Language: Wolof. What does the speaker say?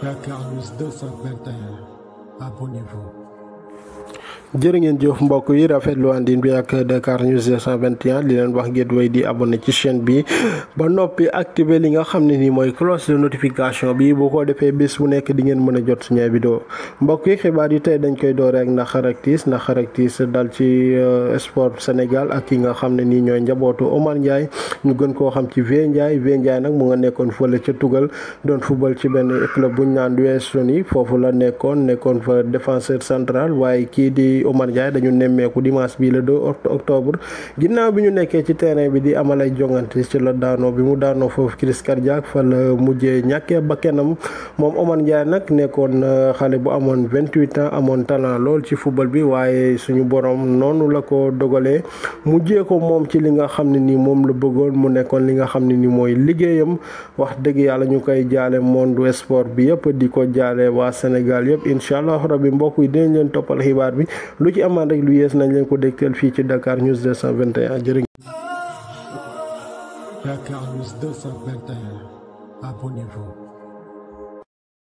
Père Carlos 221. Abonnez-vous. jërë ngeen jëf mbokk yi rafetlu andin bi ak Dakar News 221 di leen wax ngeen way di abonné ci chaîne bi ba noppi activé li nga xam ne nii mooy cloche de notification bi bu ko defee bés bu nekk di ngeen mën a jot suñu vidéo mbokk yi xibaar yi tey dañ koy doore ak naqar ak tiis naqar dal ci euh, sport Sénégal ak ki nga xam ne nii ñooy njabootu Omar Ndiaye ñu gën koo xam ci V Ndiaye V Ndiaye nag mu nga nekkoon fële ca Tugal doon football ci benn club bu ñu naan foofu la nekkoon nekkoon fa défenseur central waaye kii di di Omar Ndiaye dañu nemmeeku dimanche bi le 2 octobre ginnaaw bi ñu nekkee ci terrain bi di amal ay jongante ci la daanoo bi mu daanoo foofu crise cardiaque fa la mujjee ñàkkee bakkanam moom Omar Ndiaye nag nekkoon euh, xale bu amoon 28 ans amoon talent lool ci football bi waaye suñu borom noonu la ko dogalee mujjee ko moom ci li nga xam ne nii moom la bëggoon mu nekkoon li nga xam ne nii mooy liggéeyam wax dëgg yàlla ñu koy jaale monde sport bi yëpp di ko jaale waa Sénégal yëpp incha allah rabbi mbokk yi dinañ bi lu ci amaan rek lu yees nañ leen ko dégtal fii ci dakaar News 221 jërë Dakar News 221